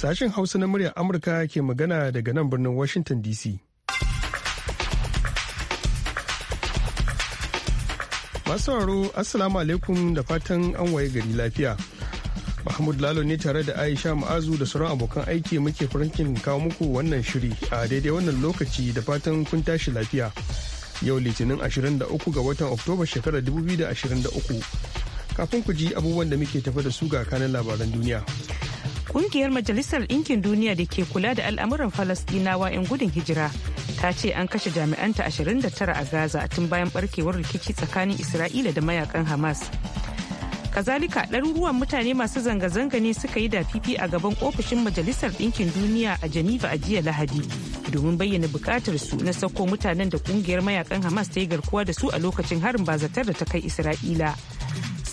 Sashen Hausa na muryar Amurka ke magana daga nan birnin Washington DC. Masu sauraro Assalamu alaikum da fatan an waye gari lafiya. Mahmud Lalo ne tare da Aisha Ma'azu da sauran abokan aiki muke farkin kawo muku wannan shiri a daidai wannan lokaci da fatan kun tashi lafiya. Yau Litinin 23 ga watan Oktoba shekarar 2023. Kafin ku ji abubuwan da muke tafa da su ga kanin labaran duniya. Kungiyar Majalisar Ɗinkin Duniya da ke kula da al'amuran Falastinawa 'yan gudun hijira ta ce an kashe jami'anta 29 a Gaza tun bayan barkewar rikici tsakanin Isra'ila da mayakan Hamas. Kazalika ɗaruruwan mutane masu zanga-zanga ne suka yi da fifi a gaban ofishin Majalisar Ɗinkin Duniya a Geneva a jiya Lahadi domin bayyana bukatar su na sauko mutanen da kungiyar mayakan Hamas ta yi garkuwa da su a lokacin harin bazatar da ta kai Isra'ila.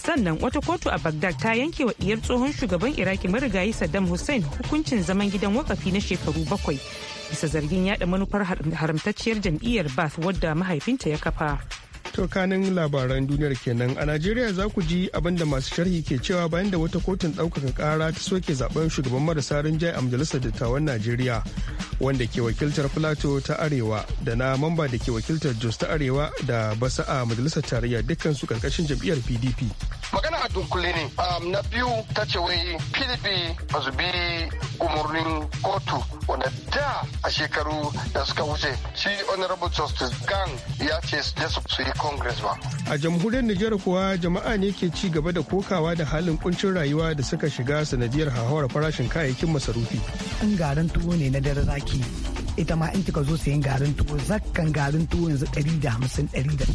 sannan wata kotu a bagdad ta yanke wa diyar tsohon shugaban iraki marigayi saddam hussein hukuncin zaman gidan wakafi na shekaru bakwai bisa zargin yada manufar haramtacciyar jam'iyyar bath wadda mahaifinta ya kafa tokanin labaran duniyar kenan a Najeriya za ku ji abin da masu sharhi ke cewa bayan da wata kotun ɗaukaka ƙara ta soke zaben shugaban marasa rinjaye a majalisar dattawan Najeriya wanda ke wakiltar Filato ta Arewa da na mamba da ke wakiltar Jos ta Arewa da basa a majalisar tarayya dukkan su karkashin jam'iyyar PDP. Magana a dunkule ne na biyu ta ce wai PDP ba su bi umarnin kotu wanda da a shekaru da suka wuce shi honorable justice gang ya ce su je su yi congress ba a jamhuriyar niger kuwa jama'a ne ke ci gaba da kokawa da halin kuncin rayuwa da suka shiga sanadiyar hahawar farashin kayayyakin masarufi in garin tuwo ne na dare zaki ita ma in kika zo sayan garin tuwo zakkan garin tuwo yanzu ɗari da hamsin ɗari da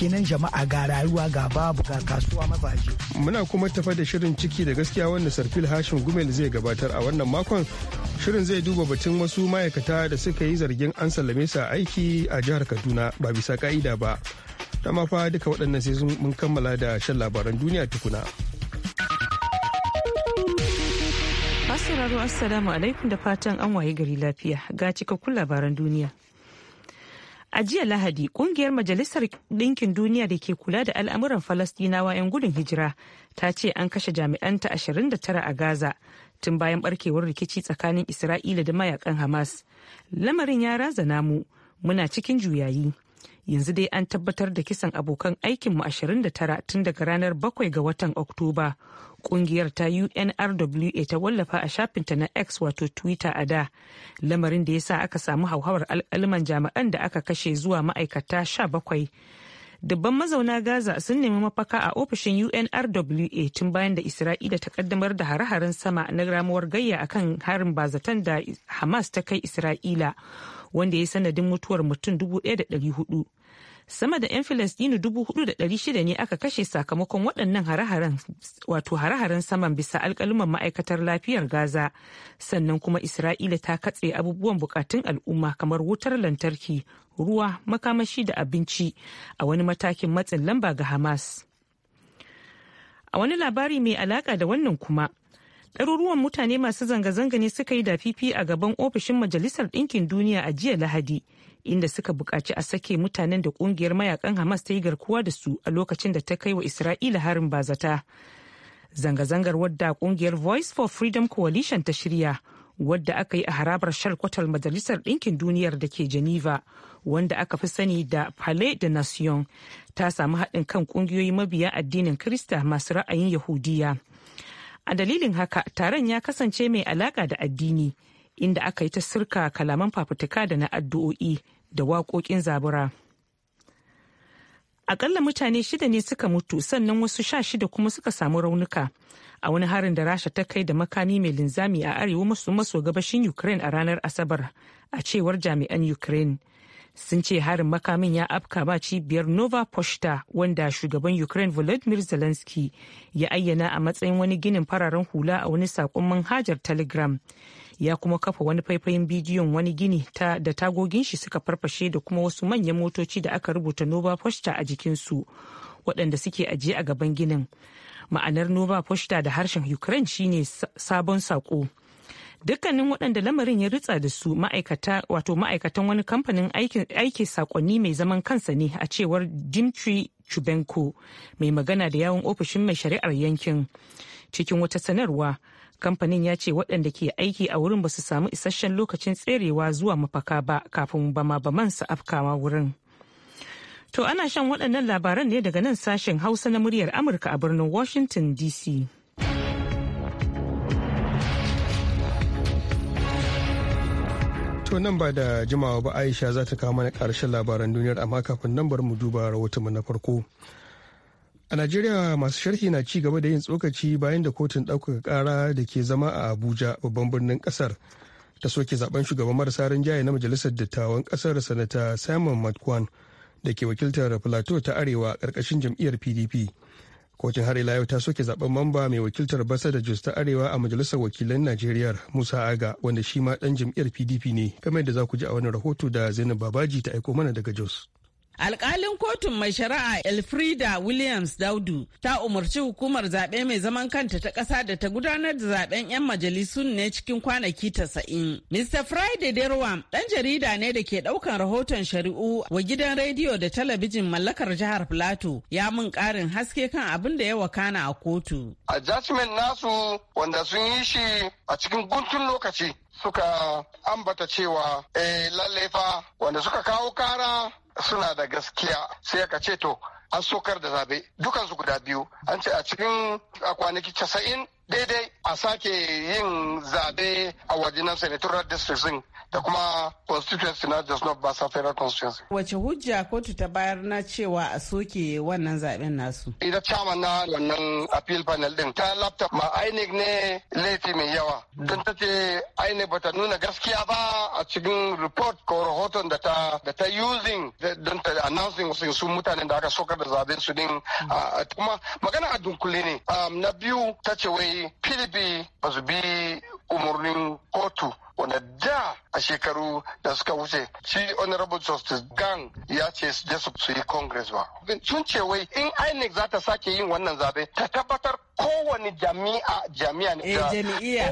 kenan jama'a ga rayuwa ga babu ga kasuwa mazaje. muna kuma tafa da shirin ciki da gaskiya wanda sarfil hashim gumel zai gabatar a wannan makon shirin zai duba batun wasu ma'aikata da suka yi zargin an sallame su aiki a jihar kaduna ba bisa ka'ida ba da mafa duka waɗannan sai mun kammala da shan labaran duniya tukuna. sauraro assalamu alaikum da fatan an waye gari lafiya ga cikakkun labaran duniya. A jiya Lahadi, ƙungiyar Majalisar Ɗinkin Duniya da ke kula da al'amuran Falastinawa 'yan gudun hijira ta ce an kashe jami'anta 29 a Gaza tun bayan barkewar rikici tsakanin Isra'ila da mayakan Hamas. Lamarin ya razana mu, muna cikin juyayi. yanzu dai an tabbatar da kisan abokan aikinmu 29 tun daga ranar 7 ga watan oktoba kungiyar ta unrwa ta wallafa a shafinta na x wato twitter a da lamarin da ya sa aka samu hauhawar alkaliman jami'an da aka kashe zuwa ma'aikata 17 dubban mazauna gaza sun nemi mafaka a ofishin unrwa tun bayan da isra'ila ta kaddamar da hare-haren sama na ramuwar gayya a kan harin bazatan da hamas ta kai isra'ila wanda ya sanadin mutuwar mutum 1400 sama da 'yan dari shida ne aka kashe sakamakon waɗannan hare-haren wato hare-haren saman bisa alkaluman ma'aikatar lafiyar gaza sannan kuma isra'ila ta katse abubuwan bukatun al'umma kamar wutar lantarki ruwa makamashi da abinci a wani matakin matsin lamba ga hamas a wani labari mai alaka da wannan kuma ɗaruruwan mutane masu zanga-zanga ne suka yi da fifi a gaban ofishin majalisar ɗinkin duniya a jiya lahadi inda suka buƙaci a sake mutanen da ƙungiyar mayakan Hamas ta yi garkuwa da su a lokacin da ta kai wa Isra'ila harin bazata. Zanga-zangar wadda ƙungiyar Voice for Freedom Coalition ta shirya, wadda aka yi a harabar shalkwatar Majalisar Ɗinkin Duniyar da ke Geneva, wanda aka fi sani da Palais de Nation, ta samu haɗin kan ƙungiyoyi mabiya addinin Krista masu ra'ayin Yahudiya. A dalilin haka, taron ya kasance mai alaƙa da addini. inda aka yi ta sirka kalaman fafutuka da na addu'o'i da waƙoƙin zabura. Akalla mutane shida ne suka mutu sannan wasu sha shida kuma suka samu raunuka a wani harin da rasha ta kai da makami mai linzami a arewa maso maso gabashin Ukraine a ranar Asabar a cewar jami'an Ukraine. sun ce harin makamin ya afka ba cibiyar nova poshta wanda shugaban ukraine volodymyr zelensky ya ayyana a matsayin wani ginin fararen hula a wani saƙon manhajar telegram ya kuma kafa wani faifayin bidiyon wani gini ta da tagogin shi suka farfashe da kuma wasu manyan motoci da aka rubuta nova posta a jikin su waɗanda suke ajiye a gaban ginin ma'anar nova posta da harshen ukraine shine sabon sako dukkanin waɗanda lamarin ya ritsa da su ma'aikata wato ma'aikatan wani kamfanin aikin sakonni mai zaman kansa ne a cewar dimitri chubenko mai magana da yawon ofishin mai shari'ar yankin cikin wata sanarwa kamfanin ya ce waɗanda ke aiki a wurin ba su samu isasshen lokacin tserewa zuwa mafaka ba kafin bama baman su afkawa wurin to ana shan waɗannan labaran ne daga nan sashen hausa na muryar amurka a birnin washington dc to nan ba da jimawa ba aisha za ta kawo mana ƙarshen labaran duniyar amma kafin nan bar mu duba rahoton na farko a najeriya masu sharhi na ci gaba da yin tsokaci bayan da kotun ɗaukaka ƙara da ke zama a abuja babban birnin ƙasar ta soke zaben shugaban marasa rinjaye na majalisar dattawan ƙasar sanata simon mcquan da ke wakiltar plateau ta arewa ƙarƙashin jam'iyyar pdp kotun har ila yau ta soke zaben mamba mai wakiltar basa da jos ta arewa a majalisar wakilan najeriya musa aga wanda shi ma ɗan jam'iyyar pdp ne kamar da za ku ji a wani rahoto da zainab babaji ta aiko mana daga jos Alƙalin kotun mai shari'a Elfrida Williams Daudu ta umarci hukumar zaɓe mai zaman kanta ta ƙasa da ta gudanar da zaɓen 'yan majalisun ne cikin kwanaki tasa'in. Mr. Friday Derwam ɗan jarida ne da ke ɗaukan rahoton shari'u wa gidan rediyo da talabijin mallakar jihar Plateau ya mun ƙarin haske kan abin da ya wakana a kotu. A judgment nasu wanda sun yi shi a cikin guntun lokaci suka ambata cewa eh lalle wanda suka kawo kara suna da gaskiya sai ka ce to an sokar da zabe dukansu guda biyu an ce a cikin kwanaki casa'in daidai a sake yin zabe a wajenan senatorial districts district. da kuma constituency na not North Basa Federal Constituency. Wace hujja kotu ta bayar na cewa a soke wannan zaben nasu? Ita chairman na wannan appeal panel din ta lafta ma INEC ne laifi mai yawa. Don ta ce ba ta nuna gaskiya ba a cikin report ko rahoton da ta da ta using don ta announcing wasu su mutanen da aka sokar da zaben su din kuma magana a dunkule ne. Na biyu ta ce wai PDP ba su bi umarnin kotu wanda da a shekaru da suka wuce shi honorable justice gang ya ce su je su yi congress ba sun ce wai in inec za ta sake yin wannan zabe ta tabbatar kowane jami'a jami'a ne eh,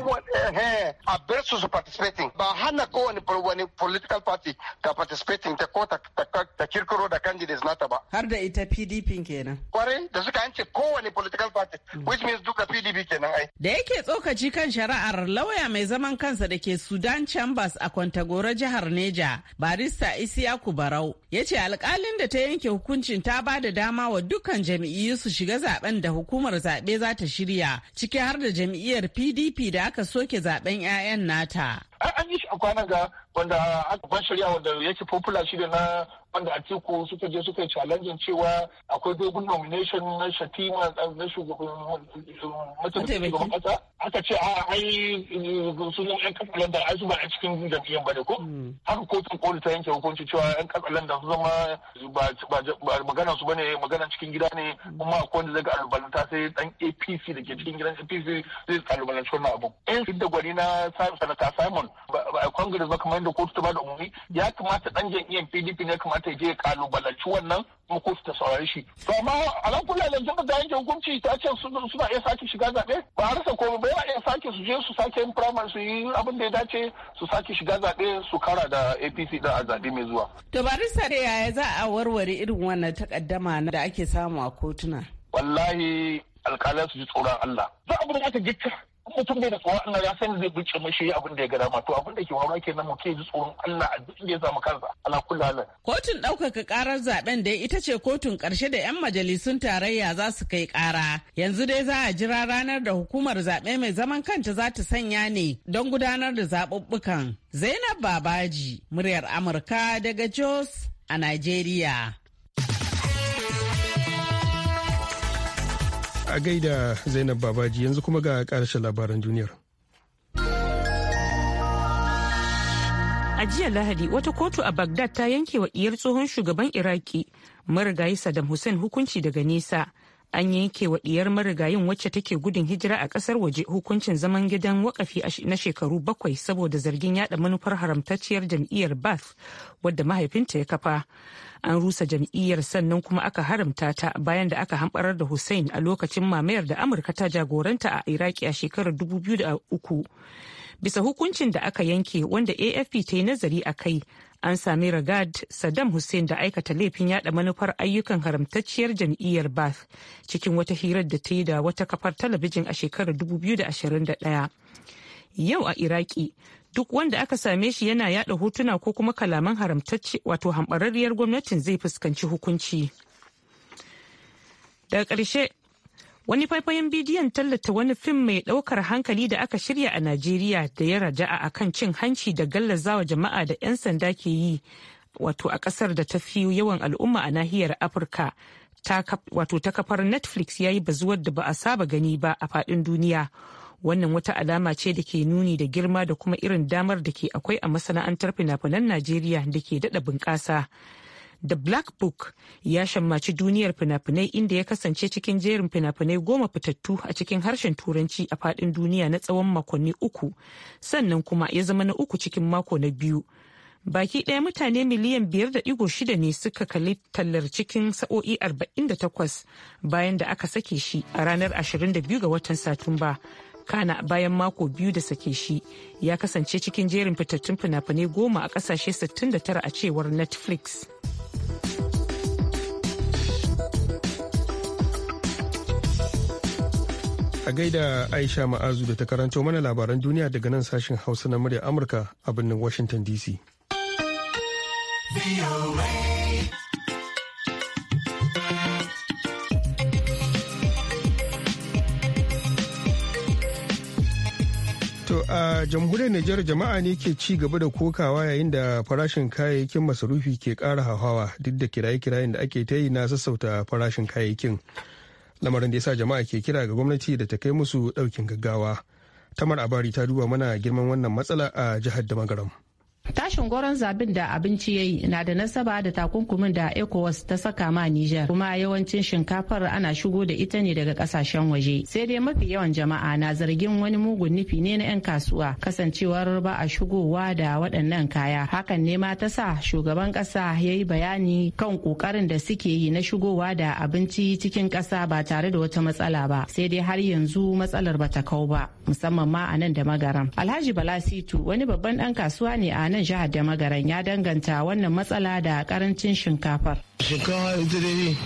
eh, a bar su su participating ba hana kowane wani political party ta participating ta ko ta kirkiro da candidates nata ba har da ita PDP kenan kware da suka yance kowane political party mm. which means duka PDP kenan ai da yake tsokaci kan shari'ar lauya mai zaman kansa da ke Sudan Chambers a Kwantagoro jihar Neja barista Isiyaku Barau ya ce alkalin da ta yanke hukuncin ta ba da dama wa dukkan jami'i su shiga zaben da hukumar zaɓe za ta shirya ciki har da jam'iyyar pdp da aka soke zaben 'ya'yan nata ai an yi shi a kwana ga wanda aka ban shari'a wanda yake popular shi da na wanda a tiku suka je suka yi challenge cewa akwai dogon nomination na shatima na shugaban shugaban kasa aka ce a ah, ai sunan yan kasa london ai su ba a cikin jam'iyyar ba ne ko hmm. haka kotun koli ta yanke hukunci cewa yan kasa london su zama ba magana su bane magana cikin gida ne hmm. kuma akwai wanda zai ga albalanta sai dan apc da ke cikin gidan apc zai kalubalanci wannan abu yan da gwani na sanata simon Congress ba kamar yadda kotu ta bada umarni ya kamata dan jam'iyyar PDP ne kamata ya je ya kalubalanci wannan kuma kotu ta saurari shi. To amma ala kula da jama'a da yanke hukunci ta ce suna iya sake shiga zaɓe ba a rasa komai ba yana iya sake su je su sake yin primary su yi abin da ya dace su sake shiga zaɓe su kara da APC da a zaɓe mai zuwa. To barista da yaya za a warware irin wannan takaddama da ake samu a kotuna? Wallahi alkalai su ji tsoron Allah. Za a bude aka gitta mutum bai da tsoron Allah ya san zai bice mashi abin da ya gada ma to abin da ke wawa ke mu ke ji tsoron Allah a duk inda ya samu kansa ala kullalin kotun ɗaukaka karar zaben da ita ce kotun ƙarshe da 'yan majalisun tarayya za su kai ƙara yanzu dai za a jira ranar da hukumar zaɓe mai zaman kanta za ta sanya ne don gudanar da zaɓuɓɓukan zainab babaji muryar amurka daga jos a najeriya a gaida zainab babaji yanzu kuma ga karshen labaran duniyar a jiya lahadi wata kotu a bagdad ta yanke wa diyar tsohon shugaban iraki marigayi saddam hussein hukunci daga nesa an yanke wa diyar marigayin wacce take gudun hijira a ƙasar waje hukuncin zaman gidan wakafi na shekaru bakwai saboda zargin yada manufar haramtacciyar jam'iyyar bath wadda mahaifinta ya kafa an rusa jam'iyyar sannan kuma aka haramta ta bayan da aka hamɓarar da hussein a lokacin mamayar da amurka ta jagoranta a iraki a shekarar 2003 bisa hukuncin da aka yanke wanda afp ta yi nazari a kai an sami ragad saddam hussein da aikata laifin yada manufar ayyukan haramtacciyar jam'iyyar bath cikin wata hirar da ta yi da wata kafar talabijin a shekarar 2021 yau a iraki duk wanda aka same shi yana yada hotuna ko kuma kalaman haramtacce wato hambararriyar gwamnatin zai fuskanci hukunci daga ƙarshe wani faifayen bidiyon tallata wani fim mai ɗaukar hankali da aka shirya a najeriya da ya raja'a kan cin hanci da gallazawa jama'a da 'yan sanda ke yi wato a ƙasar da ta fi yawan al'umma a nahiyar afirka wato ta kafar netflix ya yi bazuwar da ba a saba gani ba a faɗin duniya wannan wata alama ce da ke nuni da girma da kuma irin damar da ke akwai a masana'antar fina-finan najeriya da ke daɗa bunƙasa The Black Book ya shammaci duniyar fina-finai inda ya kasance cikin jerin fina-finai goma fitattu a cikin harshen turanci a faɗin duniya na tsawon makonni uku sannan kuma ya zama na uku cikin mako na biyu. Baki ɗaya mutane miliyan biyar da ɗigo shida ne suka kalli tallar cikin sa'o'i arba'in da takwas bayan da aka sake shi a ranar biyu ga watan Satumba. kana bayan mako biyu da sake shi ya kasance cikin jerin fitattun fina-finai goma a kasashe 69 a cewar netflix a gaida aisha ma'azu da ta karanto mana labaran duniya daga nan sashen hausa na murya amurka a birnin washington dc a jamhuriyar Nijar jama'a ne ke ci gaba da kokawa yayin da farashin kayayyakin masarufi ke ƙara hauhawa duk da kiraye-kirayen da ake ta yi na sassauta farashin kayayyakin. Lamarin da ya sa jama'a ke kira ga gwamnati da ta kai musu ɗaukin gaggawa. Tamar Abari ta duba mana girman wannan matsala a jihar Damagaram. tashin goron zabin da abinci ya yi na da nasaba da takunkumin da ecowas ta saka ma niger kuma yawancin shinkafar ana shigo da ita ne daga kasashen waje sai dai mafi yawan jama'a na zargin wani mugun nufi ne na 'yan kasuwa kasancewar ba a shigowa da waɗannan kaya hakan ne ma ta sa shugaban ƙasa ya yi bayani kan ƙoƙarin da suke yi na shigowa da abinci cikin ƙasa ba tare da wata matsala ba sai dai har yanzu matsalar ba ta kau ba musamman ma a nan da magaram alhaji balasitu wani babban ɗan kasuwa ne a nan gwamnan jihar da magaran ya danganta wannan matsala da karancin shinkafar shinkawa ita dai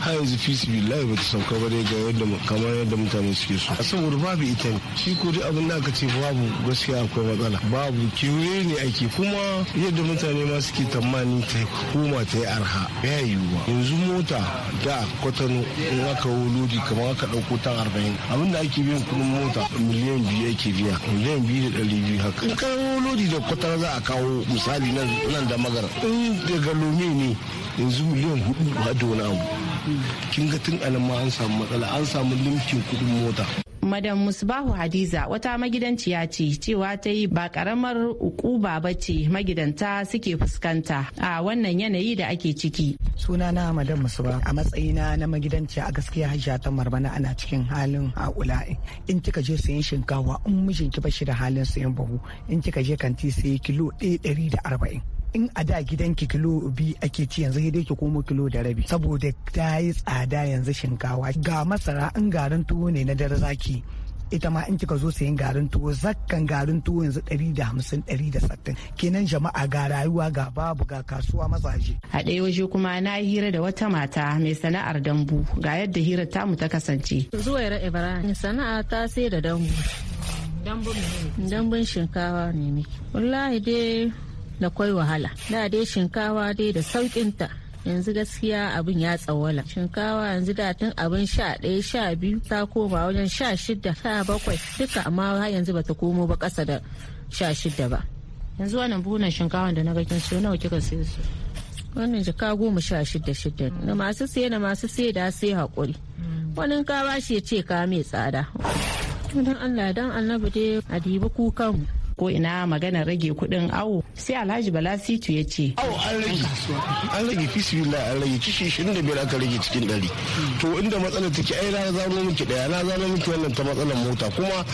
har yanzu fisi billahi ba ta sauka ba dai ga yadda kamar yadda mutane suke so a saboda babu ita ne shi ko duk abin da aka ce babu gaskiya akwai matsala babu kewaye ne ake kuma yadda mutane ma suke tamani ta koma ta yi arha ya wa yanzu mota da kwatano in aka lodi kamar aka ɗauko ta arba'in abin da ake biyan kuɗin mota miliyan biyu ake biya miliyan biyu da ɗari biyu haka in wo lodi da kwatano za a kawo misali nan da magar in daga lome ne yanzu miliyan hudu ba dona abu kin ga tun anan ma an samu matsala an samu limkin kudin mota madam musbahu hadiza wata magidanciya ce cewa ta yi ba karamar ukuba ba ce magidanta suke fuskanta a wannan yanayi da ake ciki suna na madam musba a matsayina na magidanciya a gaskiya hajiya ta marmana ana cikin halin haƙula'i in kika je sayan shinkawa in mijinki ba shi da halin sayan bahu in kika je kanti sai kilo ɗaya ɗari da arba'in in a da gidanki kilo bi ake ci yanzu sai ki koma kilo da rabi saboda ta yi tsada yanzu shinkawa ga masara in garin tuwo ne na dare zaki ita ma in kika zo sayan garin tuwo zakkan garin tuwo yanzu 150 160 kenan jama'a ga rayuwa ga babu ga kasuwa mazaje a ɗaya waje kuma na hira da wata mata mai sana'ar dambu ga yadda hirar tamu ta kasance ira ibrahim sana'a ta sai da dambu dambun shinkawa ne ne wallahi dai da kwai wahala da dai shinkawa dai da sauƙinta yanzu gaskiya abin ya tsawala shinkawa yanzu da tun abin sha ɗaya sha biyu ta koma wajen sha shida sha bakwai duka amma har yanzu bata komo ba ƙasa da sha shida ba yanzu wannan bunan shinkawa da na kin so nawa kika siyo su wannan jaka goma sha shida shida da masu sai da masu sai da sai haƙuri hmm. wani ka bashi ya ce ka mai tsada don allah don annabi dai a dibi kukanmu ko ina magana rage kuɗin awo sai alhaji bala situ ya ce awo an rage an rage fisbillah an rage kishi 25 aka rage cikin ɗari to inda matsalar take ai na zano miki daya na zano miki wannan ta matsalar mota kuma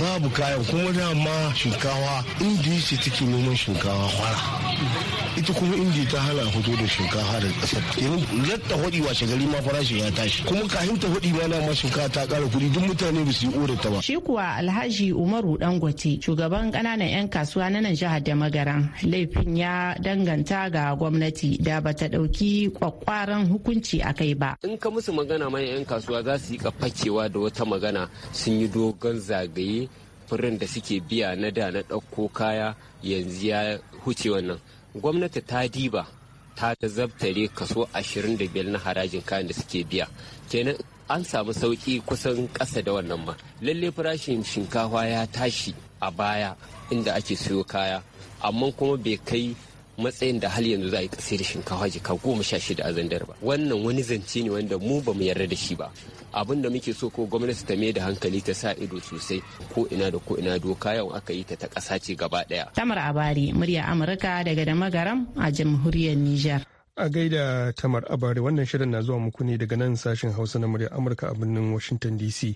babu kayan kuma dama shinkawa inda yace take noman shinkawa kwara ita kuma inda ta hana hoto da shinkafa da kasar yanzu latta hodi wa gari ma farashi ya tashi kuma kahin ta hodi ma na ma shinkafa ta kara kuɗi duk mutane ba su yi ore ta ba shi kuwa alhaji umaru dangote shugaban kananan yan kasuwa na nan jihar da magaran laifin ya danganta ga gwamnati da ba ta dauki kwakwaran hukunci a kai ba in ka musu magana ma yan kasuwa za su yi kafakewa da wata magana sun yi dogon zagaye furin da suke biya na da na ɗauko kaya yanzu ya huce wannan gwamnati ta diba ta zabtare kaso 25 na harajin kayan da suke biya kenan an samu sauki kusan ƙasa da wannan ma lalle farashin shinkafa ya tashi a baya inda ake siyo kaya amma kuma bai kai matsayin da hal yanzu za a yi kasai da shinkafa jika goma sha shida a zandar ba wannan wani zance ne wanda mu ba mu yarda da shi ba abin da muke so ko gwamnati ta mai da hankali ta sa ido sosai ko ina da ko ina doka yau aka yi ta ta ƙasa ce gaba ɗaya. tamar abari murya amurka daga da magaram a jamhuriyar niger. a gaida tamar abari wannan shirin na zuwa muku ne daga nan sashin hausa na murya amurka a birnin washington dc.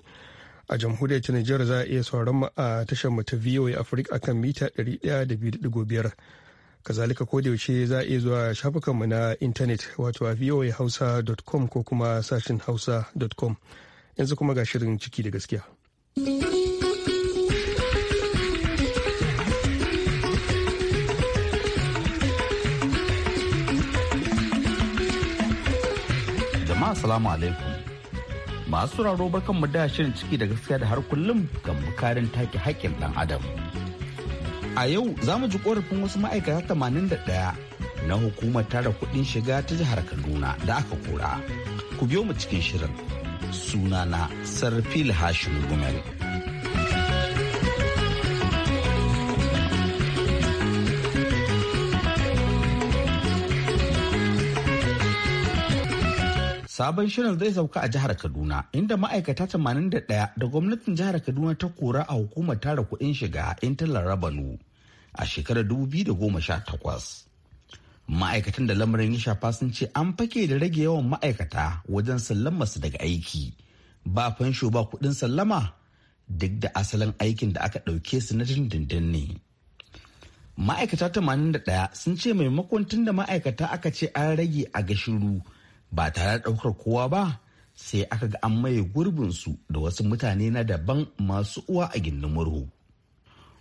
a jamhuriyar ta Nijar za a iya sauran mu a tashar mu ta VOA Africa akan mita 102.5 kazalika yaushe za a iya zuwa shafukanmu na intanet wato a voahausa.com ko kuma sashin hausa.com yanzu kuma ga shirin ciki da gaskiya jama'a salamu alaikum masu raro barkan mu da shirin ciki da gaskiya da har kullum ga mukarin take haƙƙin dan adam A yau za mu ji korafin wasu ma'aikata 81 na hukumar tara kudin shiga ta jihar Kaduna da aka kora. Ku biyo mu cikin shirin. Sunana Sarfil Hashim Gumel. sabon shirin zai sauka a jihar kaduna inda ma'aikata 81 da gwamnatin jihar kaduna ta kora a hukumar tara kudin shiga intalar rabanu a shekarar 2018 ma'aikatan da lamarin ya shafa sun ce an fake da rage yawan ma'aikata wajen sallama su daga aiki ba fansho ba kudin sallama duk da asalin aikin da aka ɗauke su na dindindin ne ma'aikata 81 sun ce maimakon tun da ma'aikata aka ce an rage a gashiru ba tare da ɗaukar kowa ba sai aka ga an maye gurbinsu da wasu mutane na daban masu uwa a gindin murhu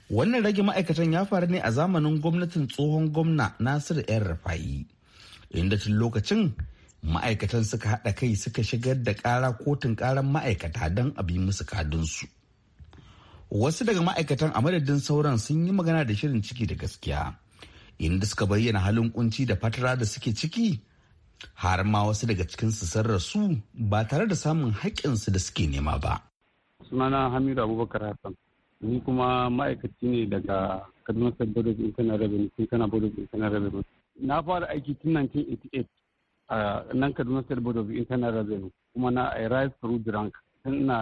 wannan rage ma'aikatan ya faru ne a zamanin gwamnatin tsohon gwamna nasiru yan rafayi inda tun lokacin ma'aikatan suka haɗa kai suka shigar da ƙara kotun ƙaran ma'aikata don a bi musu kadinsu wasu daga ma'aikatan a madadin sauran sun yi magana da shirin ciki da gaskiya inda suka bayyana halin kunci da fatara da suke ciki har ma wasu daga cikinsu sun rasu ba tare da samun haƙƙinsu da suke nema ba sunana hamidu abubakar hassan ni kuma ma'aikaci ne daga kaduna state board of internal revenue sun kana board of internal revenue na fara aiki tun 1988 a nan kaduna state board of internal revenue kuma na i rise through the rank tun na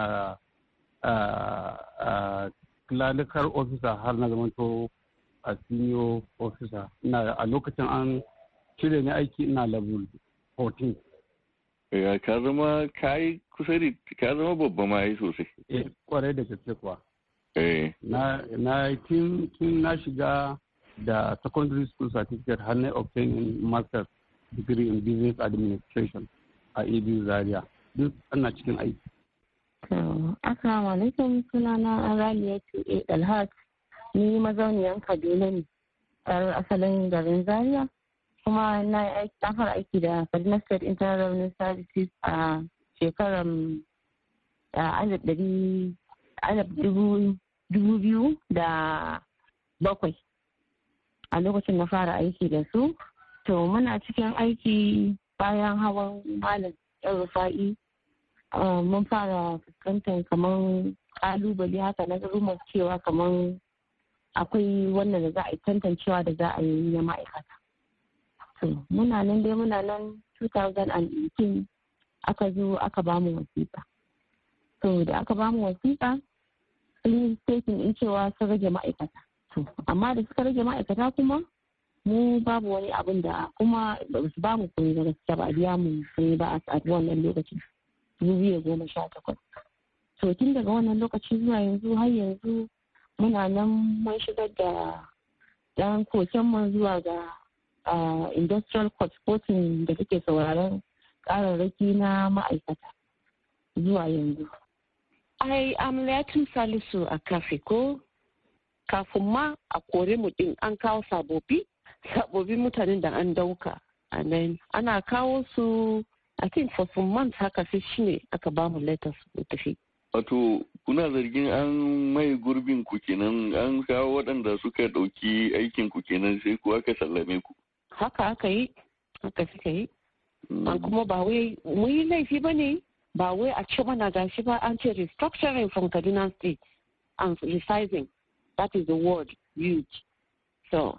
lalukar officer har na zamanto a senior officer na a lokacin an cire ni aiki ina level 14 eh, ka zama kayi kusa da ka zama babba ma yi sosai. Eh, kwarai da gaske kuwa. Eh. na tun na shiga da secondary school certificate har na obtaining master's degree in business administration a ibi zaria duk ana cikin aiki assalamu alaikum sunana raliya ce dalhat ni mazauniyan kaduna ne ɗan asalin garin zaria kuma na fara aiki da kaduna state internal revenue services a shekarar alif dubu dubu biyu da bakwai a lokacin na fara aiki da su to muna cikin aiki bayan hawan malam yan rufa'i mun fara fuskantar kamar kalubale haka na rumar cewa kamar akwai wannan da za a yi tantancewa da za a yi na ma'aikata muna nan dai muna nan 2018 aka zo aka bamu wasiƙa to da aka bamu wasiƙa sun in cewa sun rage ma'aikata amma da suka rage ma'aikata kuma mu babu wani abin da kuma ba mu koyi ba gaskiya ba biya mu koyi ba a wannan lokacin zuwa goma sha takwas So tun daga wannan lokaci zuwa yanzu har yanzu muna nan mun shigar da ɗan koken mu zuwa ga industrial court kotun da take sauraron ƙararraki na ma'aikata zuwa yanzu ai cin salisu a kafiko kafin ma a kore mu din an kawo sabobi sabobi mutanen da an dauka a nan ana kawo su i think for some months haka sai ne aka ba mu letters mu tafi wato kuna zargin an mai gurbin ku kenan an kawo waɗanda suka ɗauki aikin ku kenan sai ku aka sallame ku haka aka yi haka suka yi hmm. an kuma ba wai mu yi laifi ba ne ba wai a ce mana shi ba an ce restructuring from kaduna state and resizing that is the word huge so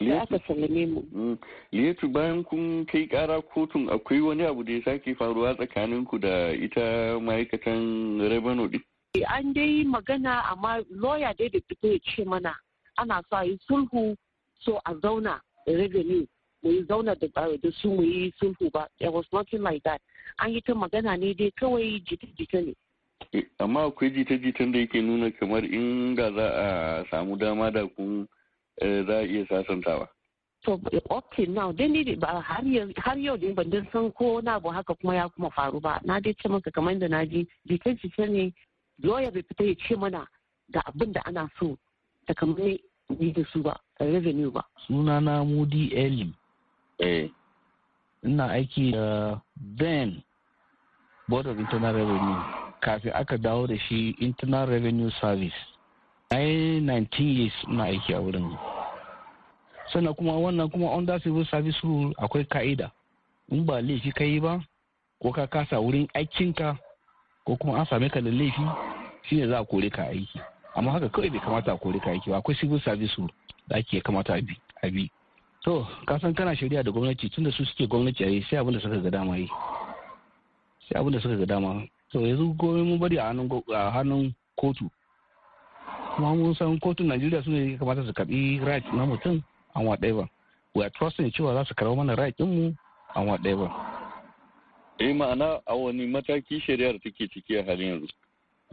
aka sallame mu. Liyetu bayan kun kai kara kotun akwai wani abu da ya sake faruwa tsakaninku da ita ma'aikatan Rebano din? Eh, an dai magana amma lawyer dai da fito ya ce mana ana sa yi sulhu so a zauna revenue mu yi zauna da su mu yi sulhu ba there was nothing like that an yi ta magana ne dai kawai jita-jita ne eh, amma akwai jita-jitan da yake nuna kamar in ga za a samu dama da kun eh, za a iya sasantawa to ok now dai ni har yau dai ban san ko na abu haka kuma ya kuma faru ba na dai ce maka kamar da na ji jita-jita ne lawyer bai fita ya ce mana ga abin da ana so ta kamar ni da su ba revenue ba sunana mudi eli eh. ina aiki da ben board of internal revenue kafin aka dawo da shi internal revenue service yi 19 years na aiki a wurin sannan kuma wannan kuma under civil service rule akwai ka'ida in ba laifi ka yi ba ko ka kasa wurin aikinka ko kuma an same ka da laifi shine za a kore ka aiki amma haka kawai bai kamata a kore ka aiki ba akwai civil service rule da ake kamata a bi to kasan kana shari'a da gwamnati tunda su suke gwamnati a yi sai abin da suka ga dama yi sai abin da suka ga dama to yanzu gobe mun bari a hannun kotu kuma mun san kotun najeriya su ne kamata su karbi right na mutum an wa ɗaya ba we are trusting cewa za su karɓi mana right mu an wa ɗaya ba eh ma'ana a wani mataki shari'ar take ciki a halin yanzu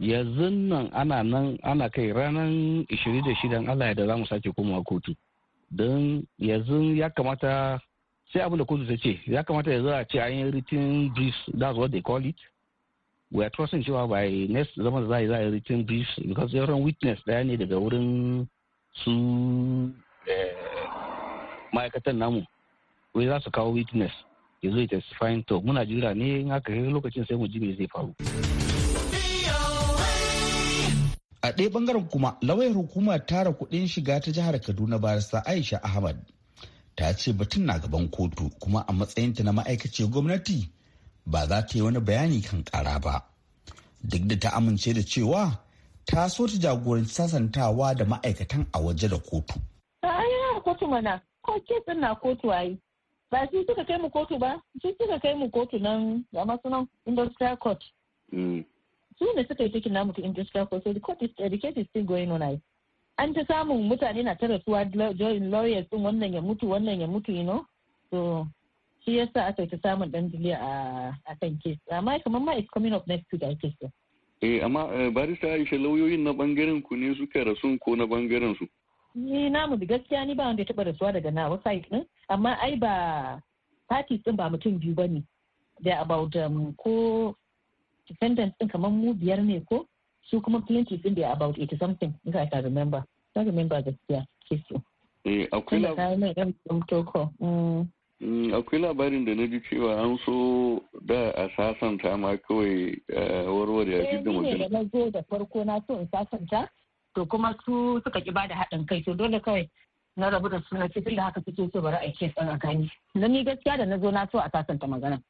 yanzu nan ana nan ana kai ranar 26 Allah ya da za mu sake komawa kotu don yanzu ya kamata sai abin da kotu ta ce ya kamata ya zuwa ce an yi written brief that's what they call it we are trusting cewa by next zama da za a yi written brief because yaron witness daya ne daga wurin su eh, ma'aikatan namu wai za su kawo witness ya zo ya testifying to muna jira ne in haka lokacin sai mu ji me zai faru a ɗaya bangaren kuma lauyar hukumar tara kuɗin shiga ta jihar kaduna barista aisha ahmad ta ce batun na gaban kotu kuma a matsayinta na ma'aikaciyar gwamnati ba za ta yi wani bayani kan kara ba duk da ta amince da cewa ta so ta jagoranci sasantawa da ma'aikatan a waje da kotu. kotu mana, ko kesin na kotu ayi. Ba shi suka kai mu kotu ba, shi suka kai mu kotu nan ga masu nan industrial court. Mm. Su ne suka yi taking namu to industrial court, so the court is, educated still going on ayi. an ta samun mutane na ta rasuwa join lawyers din wannan ya mutu wannan ya mutu you know so shi yasa aka ta samun dan diliya a kan kes amma kamar ma is coming up next to a kes eh amma eh, barista Aisha lauyoyin na bangaren ku ne suka rasu ko na bangaren su ni mu da gaskiya ni ba wanda ya taba rasuwa daga na site din amma ai ba parties din ba mutum biyu bane da about um, ko defendants din kamar mu biyar ne ko su kuma plenty sun dey about it something if I can remember. I remember gaskiya kisu. Eh akwai labarin. Mm. Mm, akwai labarin da na ji cewa an so da a sasanta ma kawai eh, warware ya eh, fi da ne da na zo da farko na so in sasanta to kuma su suka ki bada haɗin kai to dole kawai na rabu da su na ce da haka suke so bari a ke ɗin a gani. Na ni gaskiya da na zo na so a sasanta magana.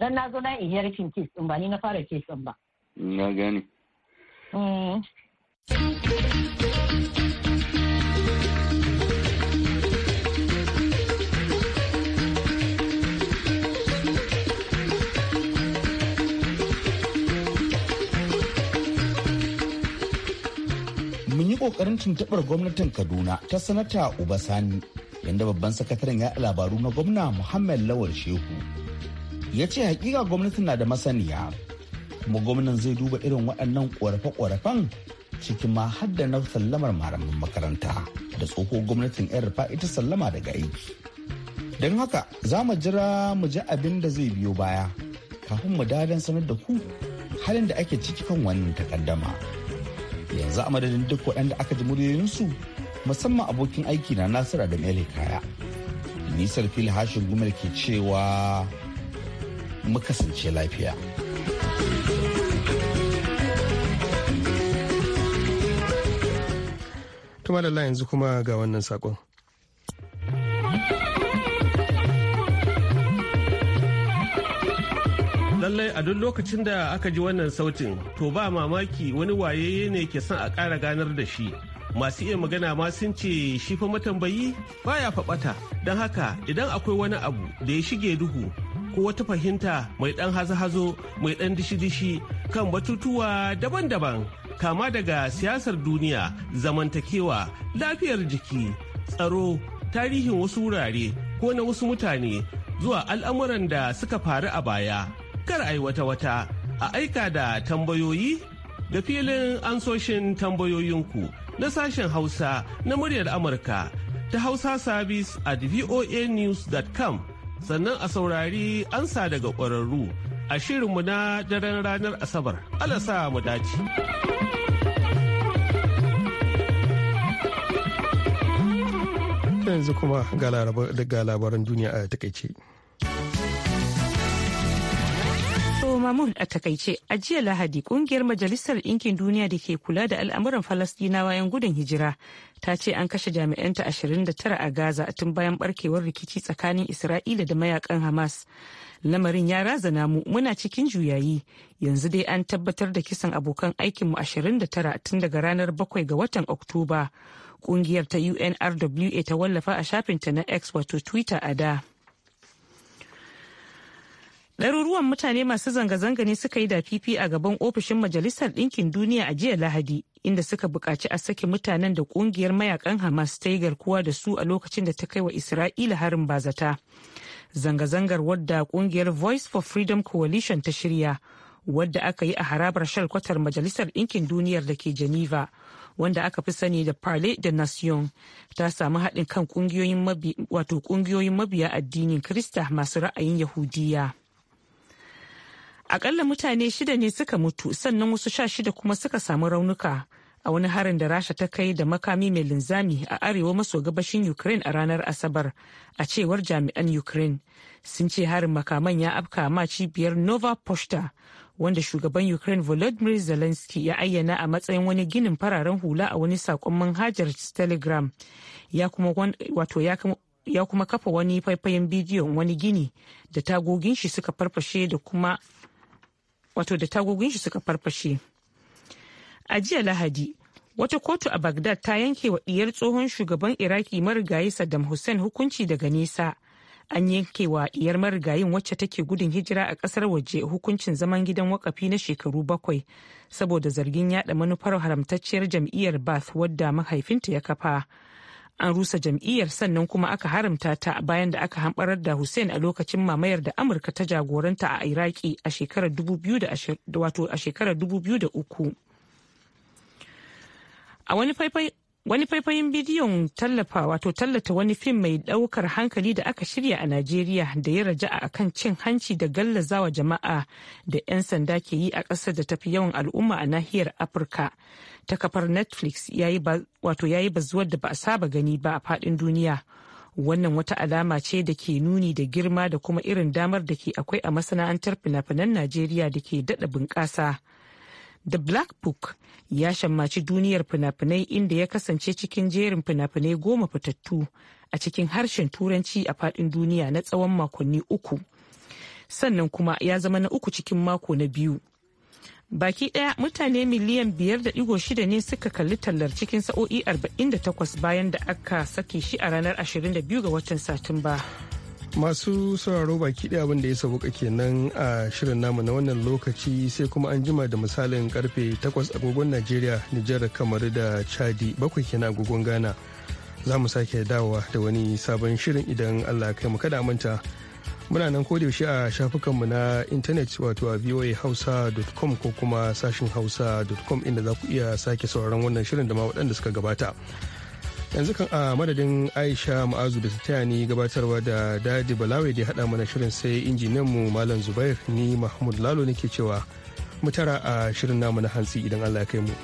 Dan na zo na in yi rashin kes ɗin ba ni na fara kes ɗin ba. Na gani. Mm. mun yi ƙoƙarin tuntuɓar gwamnatin kaduna ta sanata uba Sani, yadda babban sakataren ya labaru na gwamna muhammad lawal shehu ya ce hakika gwamnati na da masaniya kuma gwamnan zai duba irin waɗannan ƙorafe-ƙorafen ciki ma hadda na sallamar malaman makaranta da tsoho gwamnatin yan rufa ita sallama daga aiki don haka za mu jira mu ji abin da zai biyo baya kafin mu dadan sanar da ku halin da ake ciki kan wannan takaddama yanzu a madadin duk waɗanda aka ji muryoyinsu musamman abokin aiki na nasira da mele kaya nisar fil hashin gumar ke cewa mu kasance lafiya. Tuma Tumalalla yanzu kuma ga wannan saƙon. Lallai a duk lokacin da aka ji wannan sautin to ba mamaki wani waye ne ke son a ƙara ganar da shi. Masu iya magana ma sun ce shi fa matambayi baya faɓata don haka idan akwai wani abu da ya shige duhu ko wata fahimta mai ɗan hazo-hazo mai ɗan dishi-dishi kan batutuwa daban-daban kama daga siyasar duniya zamantakewa lafiyar jiki tsaro tarihin wasu wurare ko na wasu mutane zuwa al'amuran da suka faru a baya kar a yi wata-wata a aika da tambayoyi da filin ansoshin tambayoyinku na sashen hausa na muryar amurka ta hausa service at voanews.com sannan a saurari ansa daga ƙwararru a shirinmu na daren ranar Asabar. Alasa mu dace. yanzu kuma ga labaran duniya a takaice. To Mamun a takaice a jiya Lahadi kungiyar Majalisar Ɗinkin Duniya da ke kula da al'amuran Falastinawa 'yan gudun hijira ta ce an kashe jami'anta 29 a Gaza tun bayan barkewar rikici tsakanin Isra'ila da mayakan Hamas. Lamarin ya razana mu muna cikin juyayi yanzu dai an tabbatar da kisan abokan aikinmu 29 tun daga ranar 7 ga watan Oktoba. Kungiyar ta UNRWA ta wallafa a shafinta na X wato Twitter a da. Ɗaruruwan mutane masu zanga-zanga ne suka yi dafifi a gaban ofishin Majalisar Ɗinkin Duniya a jiya Lahadi, inda suka buƙaci a sake mutanen da ƙungiyar mayakan Hamas ta yi garkuwa da su a lokacin da ta kai wa Isra'ila harin bazata. Zanga-zangar wadda ƙungiyar Voice for Freedom Coalition ta shirya, wadda aka yi a harabar shalkwatar Majalisar Ɗinkin Duniyar da ke Geneva. wanda aka fi sani da parle da nation ta samu haɗin kan ƙungiyoyin mabiya addinin krista masu ra'ayin yahudiya Akalla mutane shida ne suka mutu sannan wasu sha shida kuma suka samu raunuka a wani harin da Rasha ta kai da makami mai linzami a arewa maso gabashin Ukraine a ranar Asabar a cewar jami'an Ukraine. Sun ce harin makaman ya afka ma cibiyar Nova posta wanda shugaban Ukraine Volodymyr Zelensky ya ayyana a matsayin wani ginin fararen hula a wani sakon manhajar Telegram. Ya kuma wato ya ya kuma kafa wani faifayen bidiyon wani gini da tagogin shi suka farfashe da kuma wato da tagogin shi suka farfashe a jiya lahadi wata kotu a bagdad ta yanke wa diyar tsohon shugaban iraki marigayi saddam hussein hukunci daga nesa an yanke wa diyar marigayin wacce take gudun hijira a kasar waje hukuncin zaman gidan wakafi na shekaru bakwai saboda zargin yaɗa manufar haramtacciyar jam'iyyar bath wadda mahaifinta ya kafa an rusa jam'iyyar sannan kuma aka haramta ta bayan da aka hamɓarar da hussein a lokacin mamayar da amurka ta jagoranta a iraki a shekarar 2003 a wani faifai wani faifayin bidiyon tallafa wato tallata wani fim mai daukar hankali da aka shirya a najeriya da ya raja'a kan cin hanci da gallazawa jama'a da 'yan sanda ke yi a ƙasar da tafi yawan al'umma a nahiyar afirka ta kafar netflix wato yayi bazuwar da ba a saba gani ba a faɗin duniya wannan wata alama ce da ke nuni da girma da kuma irin damar da ke akwai a masana'antar fina-finan najeriya da ke daɗa bunƙasa. The Black Book ya shammaci duniyar fina-finai inda ya kasance cikin jerin fina-finai goma fitattu a cikin harshen turanci a fadin duniya na tsawon makonni uku. Sannan kuma ya zama na uku cikin mako na biyu. Baki ɗaya mutane miliyan biyar da digo shida ne suka kalli tallar cikin sa'o'i arba'in da takwas bayan da aka sake shi a ranar ashirin da biyu ga watan Satumba. masu sauraro baki ɗaya abin da ya sabuka kenan a shirin namu na wannan lokaci sai kuma an jima da misalin karfe 8 agogon najeriya nijar kamar da chadi bakwai kenan agogon ghana za mu sake dawowa da wani sabon shirin idan allah kai mu kada manta muna nan ko yaushe a shafukanmu na intanet wato a hausa.com ko kuma sashin hausa.com inda za ku iya sake sauraron wannan shirin da ma waɗanda suka gabata. yanzu kan a madadin aisha ma'azu da ta ni gabatarwa da dadi balawai da ya haɗa mana shirin sai injiniyan mu malam zubair ni mahmud lalo nake cewa mutara a shirin namu na hantsi idan allah ya kai mu.